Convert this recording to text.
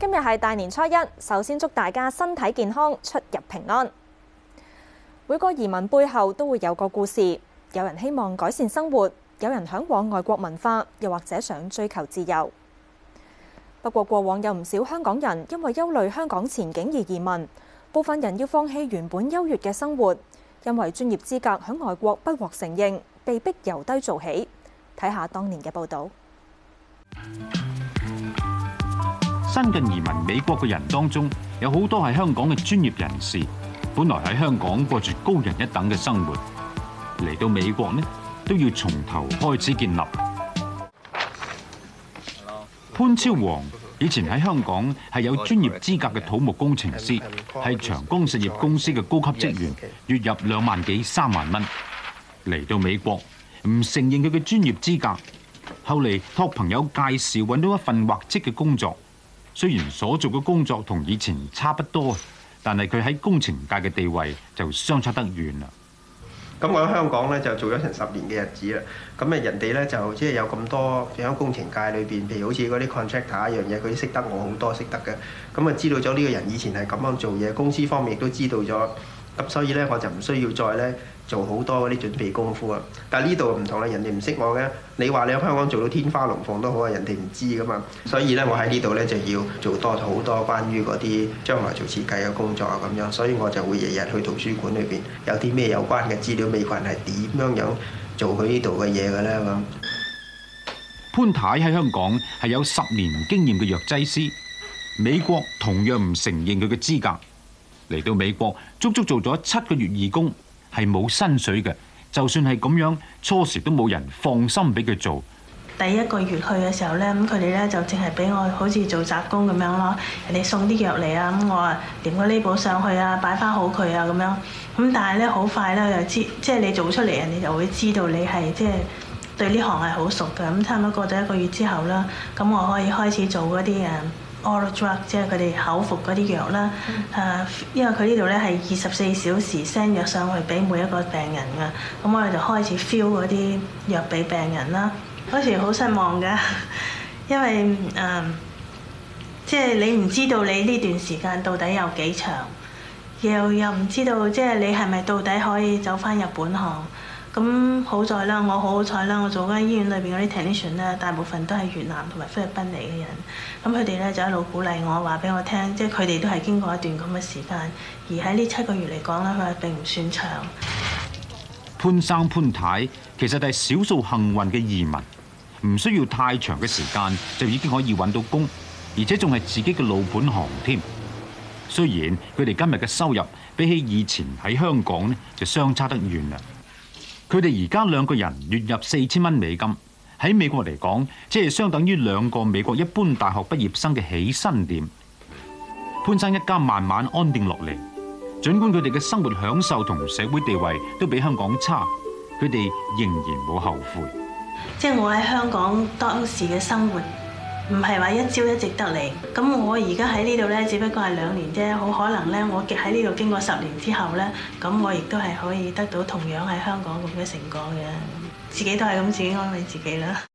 今日係大年初一，首先祝大家身體健康、出入平安。每個移民背後都會有個故事，有人希望改善生活，有人嚮往外國文化，又或者想追求自由。不過，過往有唔少香港人因為憂慮香港前景而移民，部分人要放棄原本優越嘅生活，因為專業資格喺外國不獲承認，被迫由低做起。睇下當年嘅報導。 新近移民美國嘅人當中，有好多係香港嘅專業人士，本來喺香港過住高人一等嘅生活，嚟到美國呢都要從頭開始建立。潘超王以前喺香港係有專業資格嘅土木工程師，係長江實業公司嘅高級職員，月入兩萬幾三萬蚊。嚟到美國唔承認佢嘅專業資格，後嚟託朋友介紹揾到一份畫職嘅工作。雖然所做嘅工作同以前差不多，但係佢喺工程界嘅地位就相差得遠啦。咁我喺香港咧就做咗成十年嘅日子啦。咁啊人哋咧就即係、就是、有咁多喺工程界裏邊，譬如好似嗰啲 contractor 一樣嘢，佢識得我好多識得嘅。咁啊知道咗呢個人以前係咁樣做嘢，公司方面亦都知道咗。咁所以咧我就唔需要再咧。做好多嗰啲準備功夫啊！但係呢度唔同啦，人哋唔識我嘅。你話你喺香港做到天花龍鳳都好啊，人哋唔知㗎嘛，所以咧我喺呢度咧就要做多好多關於嗰啲將來做設計嘅工作啊，咁樣，所以我就會日日去圖書館裏邊有啲咩有關嘅資料，美國人係點樣樣做佢呢度嘅嘢嘅咧咁。潘太喺香港係有十年經驗嘅藥劑師，美國同樣唔承認佢嘅資格，嚟到美國，足足做咗七個月義工。係冇薪水嘅，就算係咁樣，初時都冇人放心俾佢做。第一個月去嘅時候咧，咁佢哋咧就淨係俾我好似做雜工咁樣咯，人哋送啲藥嚟啊，咁我啊掂個呢部上去啊，擺翻好佢啊咁樣。咁但係咧，好快咧又知，即係你做出嚟，人哋就會知道你係即係對呢行係好熟嘅。咁差唔多過咗一個月之後啦，咁我可以開始做嗰啲誒。oral drug 即係佢哋口服嗰啲藥啦，啊、嗯，因為佢呢度咧係二十四小時 send 藥上去俾每一個病人㗎，咁我哋就開始 fill 嗰啲藥俾病人啦。嗰時好失望㗎，因為誒，即、嗯、係、就是、你唔知道你呢段時間到底有幾長，又又唔知道即係、就是、你係咪到底可以走翻日本行。咁好在啦，我好好彩啦，我做緊醫院裏邊嗰啲 translation 咧，大部分都係越南同埋菲律賓嚟嘅人。咁佢哋咧就一路鼓勵我，話俾我聽，即係佢哋都係經過一段咁嘅時間。而喺呢七個月嚟講咧，佢哋並唔算長。潘生潘太其實係少數幸運嘅移民，唔需要太長嘅時間就已經可以揾到工，而且仲係自己嘅老本行添。雖然佢哋今日嘅收入比起以前喺香港呢，就相差得遠啦。佢哋而家兩個人月入四千蚊美金，喺美國嚟講，即係相等於兩個美國一般大學畢業生嘅起薪點。潘生一家慢慢安定落嚟，儘管佢哋嘅生活享受同社會地位都比香港差，佢哋仍然冇後悔。即係我喺香港當時嘅生活。唔係話一朝一夕得嚟，咁我而家喺呢度咧，只不過係兩年啫，好可能咧，我喺呢度經過十年之後咧，咁我亦都係可以得到同樣喺香港咁嘅成果嘅，自己都係咁，自己安慰自己啦。